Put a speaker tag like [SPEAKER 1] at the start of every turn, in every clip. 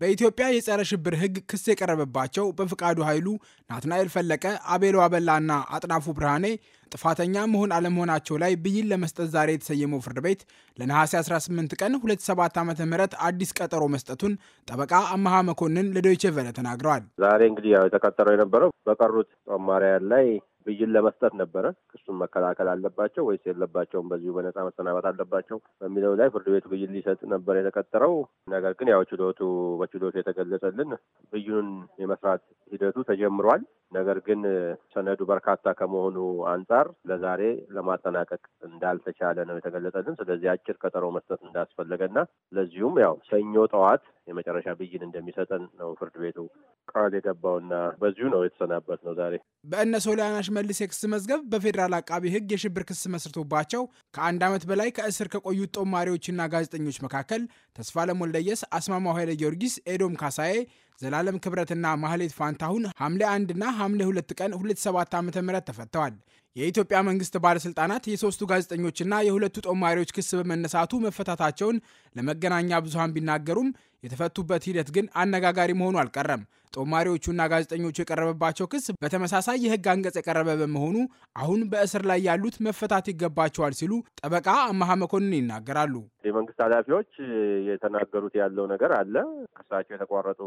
[SPEAKER 1] በኢትዮጵያ የጸረ ሽብር ሕግ ክስ የቀረበባቸው በፍቃዱ ኃይሉ፣ ናትናኤል ፈለቀ፣ አቤል ዋበላና አጥናፉ ብርሃኔ ጥፋተኛ መሆን አለመሆናቸው ላይ ብይን ለመስጠት ዛሬ የተሰየመው ፍርድ ቤት ለነሐሴ 18 ቀን 27 ዓ ም አዲስ ቀጠሮ መስጠቱን ጠበቃ አመሃ መኮንን ለዶይቼ ቨለ ተናግረዋል።
[SPEAKER 2] ዛሬ እንግዲህ ያው የተቀጠረው የነበረው በቀሩት ጦማሪያን ላይ ብይን ለመስጠት ነበረ። ክሱን መከላከል አለባቸው ወይስ የለባቸውም፣ በዚሁ በነጻ መሰናበት አለባቸው በሚለው ላይ ፍርድ ቤቱ ብይን ሊሰጥ ነበር የተቀጠረው። ነገር ግን ያው ችሎቱ በችሎቱ የተገለጸልን ብይኑን የመስራት ሂደቱ ተጀምሯል። ነገር ግን ሰነዱ በርካታ ከመሆኑ አንጻር ለዛሬ ለማጠናቀቅ እንዳልተቻለ ነው የተገለጸልን። ስለዚህ አጭር ቀጠሮ መስጠት እንዳስፈለገና ለዚሁም ያው ሰኞ ጠዋት የመጨረሻ ብይን እንደሚሰጠን ነው ፍርድ ቤቱ ቃል የገባውና በዚሁ ነው የተሰናበት ነው። ዛሬ
[SPEAKER 1] በእነ ሶሊያና ሽመልስ የክስ መዝገብ በፌዴራል አቃቢ ሕግ የሽብር ክስ መስርቶባቸው ከአንድ ዓመት በላይ ከእስር ከቆዩት ጦማሪዎችና ጋዜጠኞች መካከል ተስፋለም ወልደየስ፣ አስማማው ኃይለ ጊዮርጊስ፣ ኤዶም ካሳዬ ዘላለም ክብረትና ማህሌት ፋንታሁን ሐምሌ 1 ና ሐምሌ 2 ቀን 2007 ዓ ም ተፈተዋል። የኢትዮጵያ መንግስት ባለስልጣናት የሶስቱ ጋዜጠኞችና የሁለቱ ጦማሪዎች ክስ በመነሳቱ መፈታታቸውን ለመገናኛ ብዙሃን ቢናገሩም የተፈቱበት ሂደት ግን አነጋጋሪ መሆኑ አልቀረም። ጦማሪዎቹና ጋዜጠኞቹ የቀረበባቸው ክስ በተመሳሳይ የህግ አንቀጽ የቀረበ በመሆኑ አሁን በእስር ላይ ያሉት መፈታት ይገባቸዋል ሲሉ ጠበቃ አመሃ መኮንን ይናገራሉ።
[SPEAKER 2] የመንግስት ኃላፊዎች የተናገሩት ያለው ነገር አለ። ክሳቸው የተቋረጡ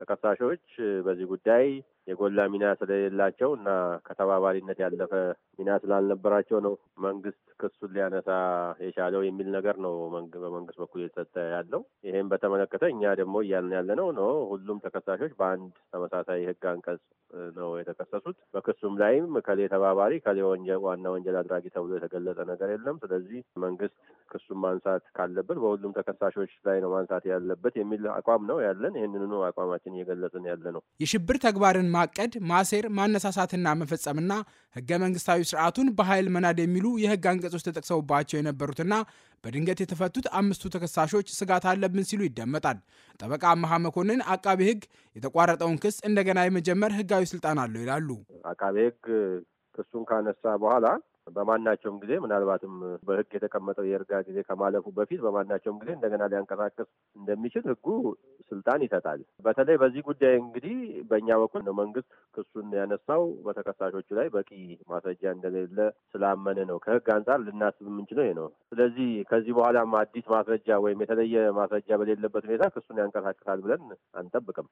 [SPEAKER 2] ተከሳሾች በዚህ ጉዳይ የጎላ ሚና ስለሌላቸው እና ከተባባሪነት ያለፈ ሚና ስላልነበራቸው ነው መንግስት ክሱን ሊያነሳ የቻለው የሚል ነገር ነው በመንግስት በኩል የተሰጠ ያለው። ይህም በተመለከተ እኛ ደግሞ እያልን ያለ ነው ነው ሁሉም ተከሳሾች በአንድ ተመሳሳይ ህግ አንቀጽ ነው የተከሰሱት። በክሱም ላይም ከሌ ተባባሪ ከሌ ዋና ወንጀል አድራጊ ተብሎ የተገለጸ ነገር የለም። ስለዚህ መንግስት ክሱን ማንሳት ካለበት በሁሉም ተከሳሾች ላይ ነው ማንሳት ያለበት የሚል አቋም ነው ያለን። ይህንኑ አቋማችን እየገለጽን ያለ ነው።
[SPEAKER 1] የሽብር ተግባርን ማቀድ፣ ማሴር፣ ማነሳሳትና መፈጸምና ህገ መንግስታዊ ስርዓቱን በኃይል መናድ የሚሉ የህግ አንቀጾች ተጠቅሰውባቸው የነበሩትና በድንገት የተፈቱት አምስቱ ተከሳሾች ስጋት አለብን ሲሉ ይደመጣል። ጠበቃ አመሀ መኮንን አቃቢ ህግ የተቋረጠውን ክስ እንደገና የመጀመር ህጋዊ ስልጣን አለው ይላሉ።
[SPEAKER 2] አቃቢ ህግ ክሱን ካነሳ በኋላ በማናቸውም ጊዜ ምናልባትም በህግ የተቀመጠው የእርጋ ጊዜ ከማለፉ በፊት በማናቸውም ጊዜ እንደገና ሊያንቀሳቀስ እንደሚችል ህጉ ስልጣን ይሰጣል። በተለይ በዚህ ጉዳይ እንግዲህ በእኛ በኩል ነው መንግስት ክሱን ያነሳው በተከሳሾቹ ላይ በቂ ማስረጃ እንደሌለ ስላመነ ነው። ከህግ አንጻር ልናስብ የምንችለው ይሄ ነው። ስለዚህ ከዚህ በኋላም አዲስ ማስረጃ ወይም የተለየ ማስረጃ በሌለበት ሁኔታ ክሱን ያንቀሳቅሳል ብለን አንጠብቅም።